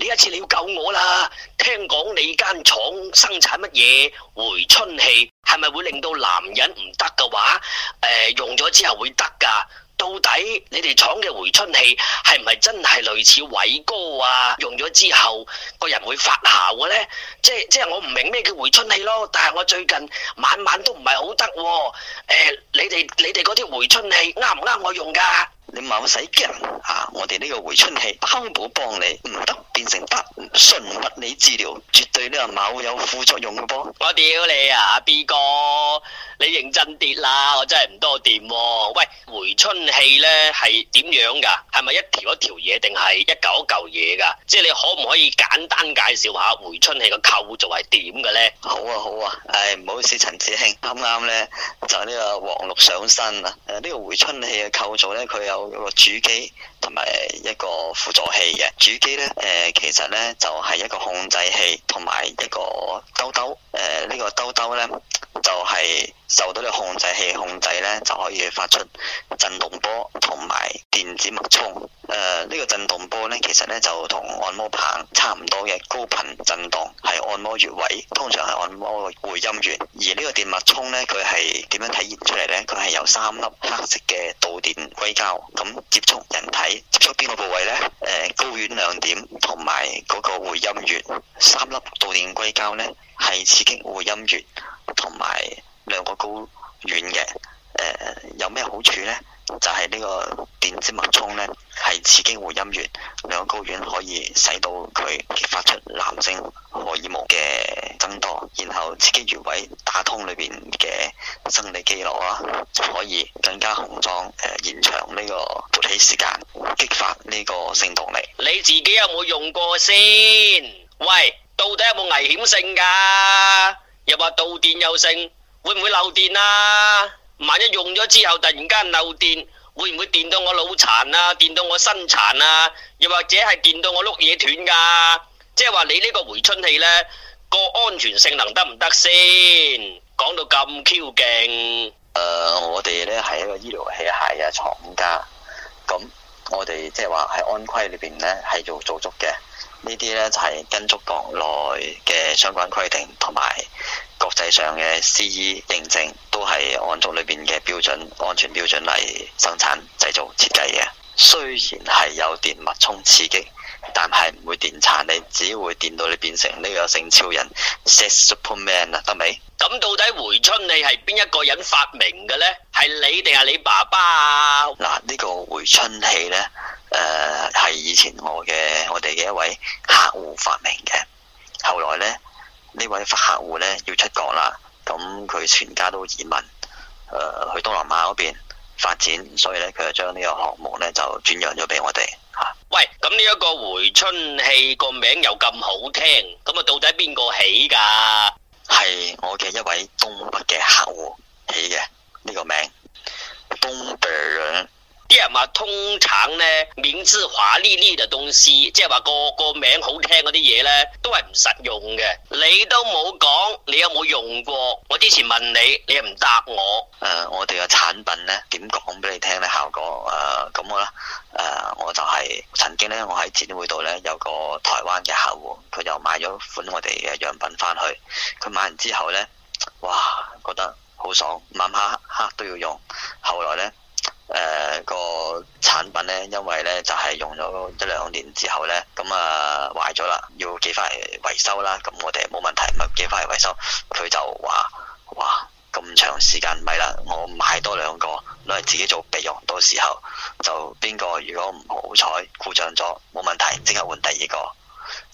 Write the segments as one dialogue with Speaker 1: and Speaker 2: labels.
Speaker 1: 呢一次你要救我啦！聽講你間廠生產乜嘢回春器，係咪會令到男人唔得嘅話？誒、呃，用咗之後會得噶？到底你哋廠嘅回春器係唔係真係類似偉哥啊？用咗之後個人會發姣嘅呢？即係即係我唔明咩叫回春器咯，但係我最近晚晚都唔係好得喎。誒、呃，你哋你哋嗰啲回春器啱唔啱我用噶？
Speaker 2: 你唔好使驚吓，我哋呢個回春器包保幫你唔得。變成不純物理
Speaker 1: 治療，絕對呢個冇有副作用嘅噃。我屌你啊，B 哥，你認真啲啦，我真係唔多掂。喂，回春器呢係點樣噶？係咪一條一條嘢，定係一嚿一嚿嘢噶？即係你可唔可以簡單介紹下回春器嘅構造係點嘅呢？
Speaker 2: 好、啊？好啊好啊，唉、哎，唔好意思，陳子興，啱啱呢，就呢個黃綠上身啊。呢、這個回春器嘅構造呢，佢有一個主機。同埋一個輔助器嘅主機咧，誒、呃、其實咧就係、是、一個控制器同埋一個兜兜，誒、呃、呢、這個兜兜咧。就係受到啲控制器控制呢，就可以發出震動波同埋電子脈衝。誒、呃，呢、這個震動波呢，其實呢就同按摩棒差唔多嘅高頻震盪，係按摩穴位，通常係按摩回音穴。而呢個電脈衝呢，佢係點樣體現出嚟呢？佢係由三粒黑色嘅導電硅膠咁接觸人體，接觸邊個部位呢？誒、呃，睪丸兩點同埋嗰個回音穴，三粒導電硅膠呢，係刺激回音穴。同埋兩個睾丸嘅，誒、呃，有咩好處呢？就係、是、呢個電子脈衝呢，係刺激會陰穴。兩個睾丸可以使到佢激發出男性荷爾蒙嘅增多，然後刺激穴位打通裏邊嘅生理基落啊，就可以更加雄壯、呃，延長呢個勃起時間，激發呢個性動力。
Speaker 1: 你自己有冇用過先？喂，到底有冇危險性噶、啊？又話導電又剩，會唔會漏電啊？萬一用咗之後突然間漏電，會唔會電到我腦殘啊？電到我身殘啊？又或者係電到我碌嘢斷噶？即係話你呢個回春器呢個安全性能得唔得先？講到咁 Q 勁？誒、呃，我哋呢係一個醫療器械嘅廠家，咁
Speaker 2: 我哋即係話喺安規裏邊呢係做做足嘅呢啲呢就係、是、跟足國內嘅相關規定同埋。國際上嘅 CE 認證都係按照裏邊嘅標準安全標準嚟生產製造設計嘅。雖然係有電脈衝刺激，但係唔會電殘你，只會電到你變
Speaker 1: 成呢個性超
Speaker 2: 人 Sex Superman 啊，得未？
Speaker 1: 咁 到底回春器係邊一個人發明嘅呢？係你定係你爸爸啊？嗱，呢個回春器
Speaker 2: 呢，誒、呃，係以前我嘅我哋嘅一位客戶發明嘅，後來呢？呢位客戶咧要出國啦，咁佢全家都移民，誒、呃、去東南亞嗰邊發展，所以咧佢就將呢個項目咧就轉讓咗俾我哋
Speaker 1: 嚇。啊、喂，咁呢一個回春器個名又咁好聽，咁啊，到底邊個起㗎？係我嘅一位東北嘅客戶起嘅呢、呢個名東北啲人話通常咧，名字華麗麗嘅東西，即係話個個名好聽嗰啲嘢咧，都係唔實用嘅。你都冇講，你有冇用過？我之前問你，你又唔答我。誒、呃，我哋嘅產品咧，點講俾你聽咧？效果誒，咁、呃、我啦，
Speaker 2: 誒、呃，我就係、是、曾經咧，我喺展會度咧有個台灣嘅客戶，佢又買咗款我哋嘅樣品翻去。佢買完之後咧，哇，覺得好爽，晚晚黑黑都要用。後來咧。誒、呃那個產品咧，因為咧就係、是、用咗一兩年之後咧，咁啊壞咗啦，要寄翻嚟維修啦。咁我哋冇問題，咪寄翻嚟維修。佢就話，哇，咁長時間唔係啦，我買多兩個攞嚟自己做備用，到時候就邊個如果唔好彩故障咗，冇問題，即刻換第二個。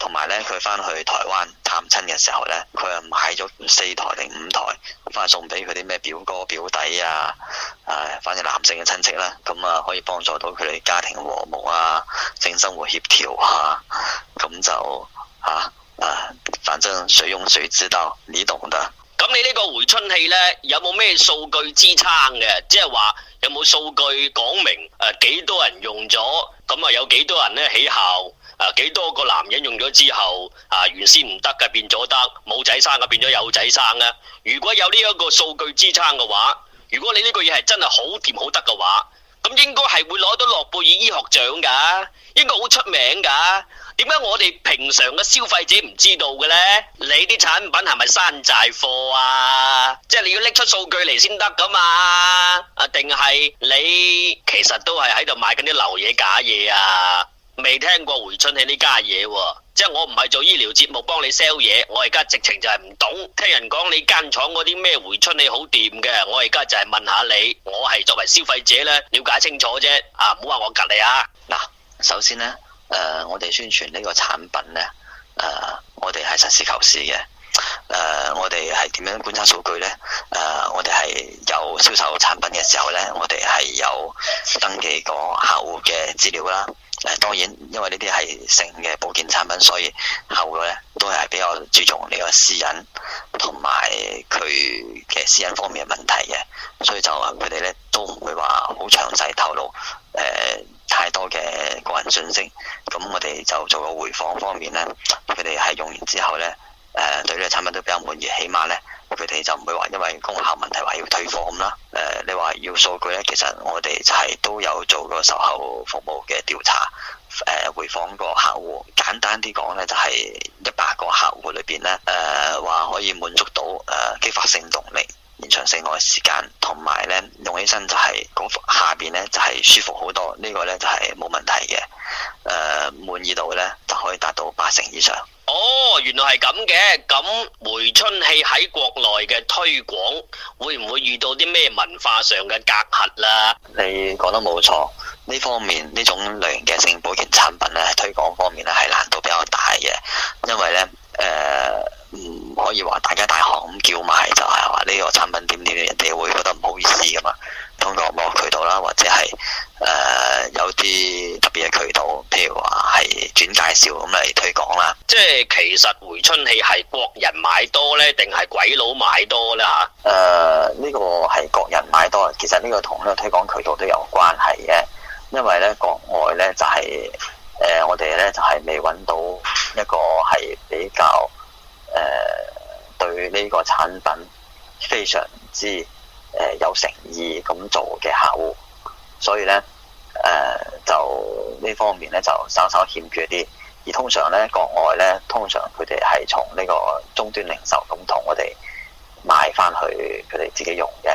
Speaker 2: 同埋咧，佢返去台灣探親嘅時候咧，佢又買咗四台定五台，翻送俾佢啲咩表哥表弟啊，啊、呃，反正男性嘅親戚啦，咁啊，可以幫助到佢哋家庭和睦啊，性生活協調嚇、啊，咁就嚇啊，啊，反正誰用誰知道，你懂的。
Speaker 1: 咁你呢個回春器咧，有冇咩數據支撐嘅？即係話有冇數據講明誒、呃、幾多人用咗，咁啊有幾多人咧起效？啊！幾多個男人用咗之後，啊，原先唔得嘅變咗得，冇仔生嘅變咗有仔生咧。如果有呢一個數據支撐嘅話，如果你呢個嘢係真係好掂好得嘅話，咁應該係會攞到諾貝爾醫學獎噶，應該好出名噶。點解我哋平常嘅消費者唔知道嘅呢？你啲產品係咪山寨貨啊？即係你要拎出數據嚟先得噶嘛？啊，定係你其實都係喺度賣緊啲流嘢假嘢啊？未聽過回春器呢家嘢喎，啊，即係我唔係做醫療節目幫你 sell 嘢，我而家直情就係唔懂，聽人講你間廠嗰啲咩回春器好掂嘅，我而家就係問下你，我係作為消費者咧，了解清楚啫，啊唔好話我隔籬啊。
Speaker 2: 嗱，首先咧，誒，呃，我哋宣傳呢個產品咧，誒，呃，我哋係實事求是嘅，誒，呃，我哋係點樣觀察數據咧？誒，呃，我哋係有銷售產品嘅時候咧，我哋係有登記過客戶嘅資料啦。誒，當然，因為呢啲係性嘅保健產品，所以後嘅咧都係比較注重呢個私隱同埋佢嘅私隱方面嘅問題嘅，所以就話，佢哋咧都唔會話好詳細透露誒、呃、太多嘅個人信息。咁我哋就做個回訪方面咧，佢哋係用完之後咧，誒、呃、對呢個產品都比較滿意，起碼咧。佢哋就唔會話因為功效問題話要退貨咁啦。誒、呃，你話要數據咧，其實我哋就係都有做過售後服務嘅調查，誒、呃、回訪過客戶。簡單啲講咧，就係一百個客戶裏邊咧，誒、呃、話可以滿足到誒激、呃、發性動力、延長性愛時間，同埋咧用起身就係、是、下邊咧就係舒服好多。呢、這個咧就係冇問題嘅。誒、呃、滿意度咧就可以達到八成以上。
Speaker 1: 哦，原來係咁嘅，咁、嗯、回春器喺國內嘅推廣會唔會遇到啲咩文化上嘅隔閡啦？
Speaker 2: 你講得冇錯，呢方面呢種類型嘅性保健產品咧，推廣方面咧係難度比較大嘅，因為咧，誒、呃，唔可以話大家大行咁叫賣，就係話呢個產品點點點，人哋會覺得唔好意思噶嘛。通過網絡渠道啦，或者係誒、呃、有啲特別嘅渠道，譬如話係轉介紹咁嚟推廣啦。
Speaker 1: 即係其實回春器係國人買多呢，定係鬼佬買多咧？
Speaker 2: 誒、呢、呃，這個係國人買多。其實呢個同呢個推廣渠道都有關係嘅，因為呢，國外呢，就係、是、誒、呃、我哋呢，就係、是、未揾到一個係比較誒、呃、對呢個產品非常之。誒、呃、有誠意咁做嘅客戶，所以呢，誒、呃、就呢方面呢，就稍稍欠缺啲。而通常呢，國外呢，通常佢哋係從呢個終端零售咁同我哋買翻去佢哋自己用嘅，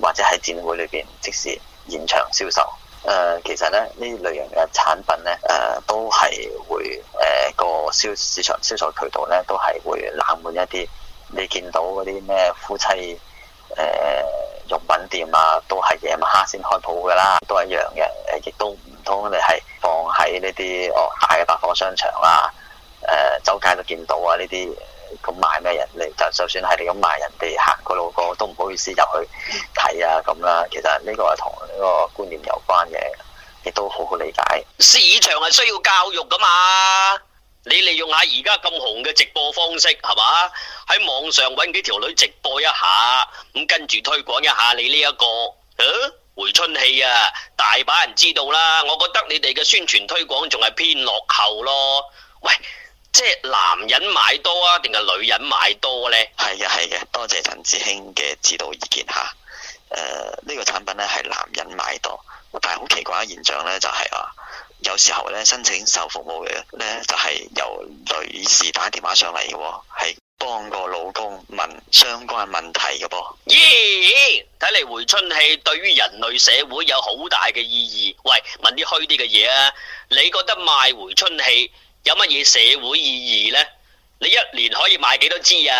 Speaker 2: 或者喺展會裏邊即時現場銷售。誒、呃，其實呢，呢類型嘅產品呢，誒、呃、都係會誒個銷市場銷售渠道呢，都係會冷門一啲。你見到嗰啲咩夫妻用品店啊，都係夜晚黑先開鋪噶啦，都一樣嘅。誒，亦都唔通你係放喺呢啲哦大嘅百貨商場啦、啊，誒、呃，周街都見到啊，呢啲咁賣咩人嚟？就就算係你咁賣人哋行過路過，都唔好意思入去睇啊咁啦。其實呢個係同呢個觀念有關嘅，亦都好好理解。
Speaker 1: 市場係需要教育噶嘛。你利用下而家咁紅嘅直播方式，係嘛？喺網上揾幾條女直播一下，咁跟住推廣一下你呢、這、一個，嗯、啊？回春器啊，大把人知道啦。我覺得你哋嘅宣傳推廣仲係偏落後咯。喂，即係男人買多啊，定係女人買多呢？
Speaker 2: 係嘅，係嘅，多謝陳志興嘅指導意見吓。誒、呃，呢、這個產品咧係男人買多，但係好奇怪嘅現象咧就係、是、啊。有時候咧，申請受服務嘅咧就係、是、由女士打電話上嚟
Speaker 1: 嘅、哦，係幫個老公問相關問題嘅噃、哦。咦？睇嚟回春器對於人類社會有好大嘅意義。喂，問啲虛啲嘅嘢啊！你覺得賣回春器有乜嘢社會意義呢？你一年可以賣幾多支啊？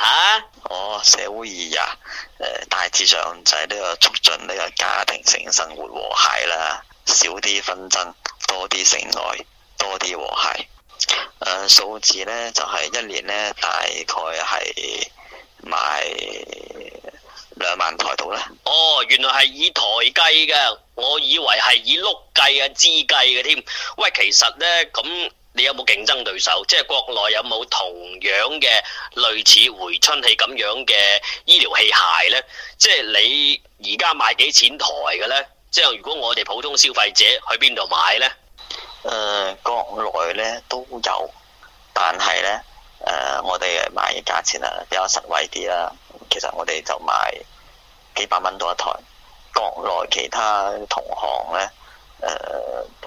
Speaker 1: 吓、
Speaker 2: 啊？哦，社會意義啊，呃、大致上就係呢個促進呢個家庭性生活和諧啦，少啲紛爭。多啲性愛，多啲和諧。誒、呃，數字呢就係、是、一年
Speaker 1: 呢，大概係賣兩萬台度呢。哦，原來係以台計嘅，我以為係以碌計嘅、支計嘅添。喂，其實呢，咁，你有冇競爭對手？即係國內有冇同樣嘅類似回春器咁樣嘅醫療器械呢？即係你而家賣幾錢台嘅呢？即係如果我哋普通消費者去邊度買呢？誒、
Speaker 2: 呃，國內咧都有，但係呢，誒、呃，我哋賣嘅價錢啊比較實惠啲啦。其實我哋就賣幾百蚊到一台，國內其他同行呢，誒、呃，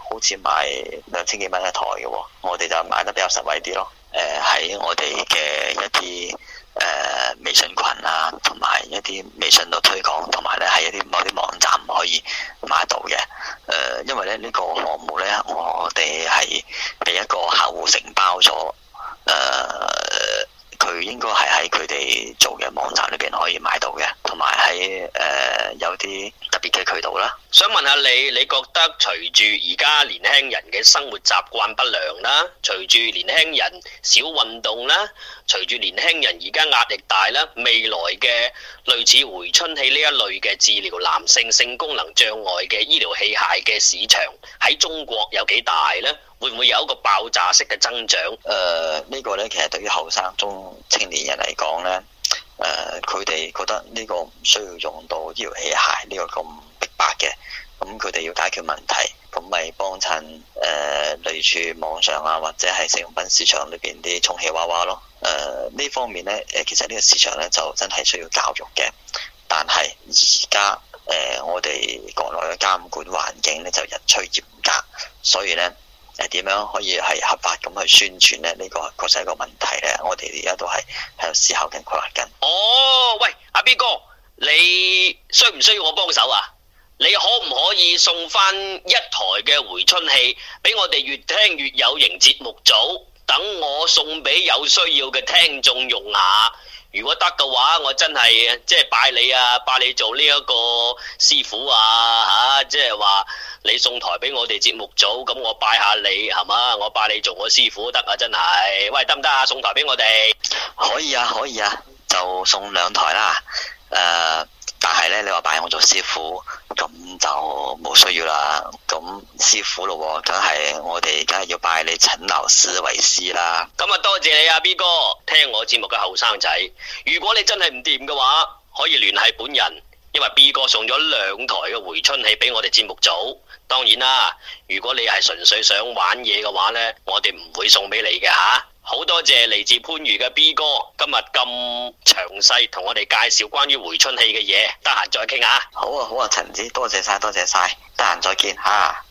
Speaker 2: 好似賣兩千幾蚊一台嘅喎，我哋就賣得比較實惠啲咯。誒、呃，喺我哋嘅一啲。誒、呃、微信群啊，同埋一啲微信度推廣，同埋咧係一啲某啲網站可以買到嘅。誒、呃、因為咧呢、這個項目咧，我哋係俾一個客戶承包咗。誒、呃、佢應該係。佢哋做嘅網站裏邊可以買到嘅，同埋喺誒有啲、呃、特別嘅渠道啦。
Speaker 1: 想問下你，你覺得隨住而家年輕人嘅生活習慣不良啦，隨住年輕人少運動啦，隨住年輕人而家壓力大啦，未來嘅類似回春器呢一類嘅治療男性性功能障礙嘅醫療器械嘅市場喺中國有幾大呢？會唔會有一個爆炸式嘅增長？誒、呃，呢、這個呢，其實對於後
Speaker 2: 生中青年人嚟講咧，誒，佢、呃、哋覺得呢個唔需要用到搖器械呢個咁逼白嘅，咁佢哋要解決問題，咁咪幫襯誒，類似網上啊或者係性用品市場裏邊啲充氣娃娃咯，誒、呃，呢方面咧，誒、呃，其實呢個市場咧就真係需要教育嘅，但係而家誒，我哋國內嘅監管環境咧就日趨嚴格，所以咧。係點樣可以係合法咁去宣傳咧？呢個確實係一個問題咧。我哋而家都係喺度思考緊、規劃緊。
Speaker 1: 哦，喂，阿 B 哥，你需唔需要我幫手啊？你可唔可以送翻一台嘅回春器俾我哋越聽越有型節目組，等我送俾有需要嘅聽眾用啊？如果得嘅話，我真係即係拜你啊，拜你做呢一個師傅啊，吓、啊，即係話你送台俾我哋節目組，咁我拜下你係嘛，我拜你做我師傅得啊？真係，喂，得唔得啊？送台俾我哋，可以啊，可以啊，就送兩台啦，誒、呃，但係
Speaker 2: 呢，你話拜我做師傅。咁就冇需要啦，咁師傅咯喎，梗係我哋梗係要拜你陳老師為師啦。
Speaker 1: 咁啊，多謝你啊，B 哥，聽我節目嘅後生仔，如果你真係唔掂嘅話，可以聯繫本人，因為 B 哥送咗兩台嘅回春器俾我哋節目組。當然啦，如果你係純粹想玩嘢嘅話呢，我哋唔會送俾你嘅嚇。好多謝嚟自番禺嘅 B 哥，今日咁詳細同我哋介紹關於回春器嘅嘢，得閒再傾下。
Speaker 2: 好啊，好啊，陳子，多謝晒，多謝晒，得閒再見吓。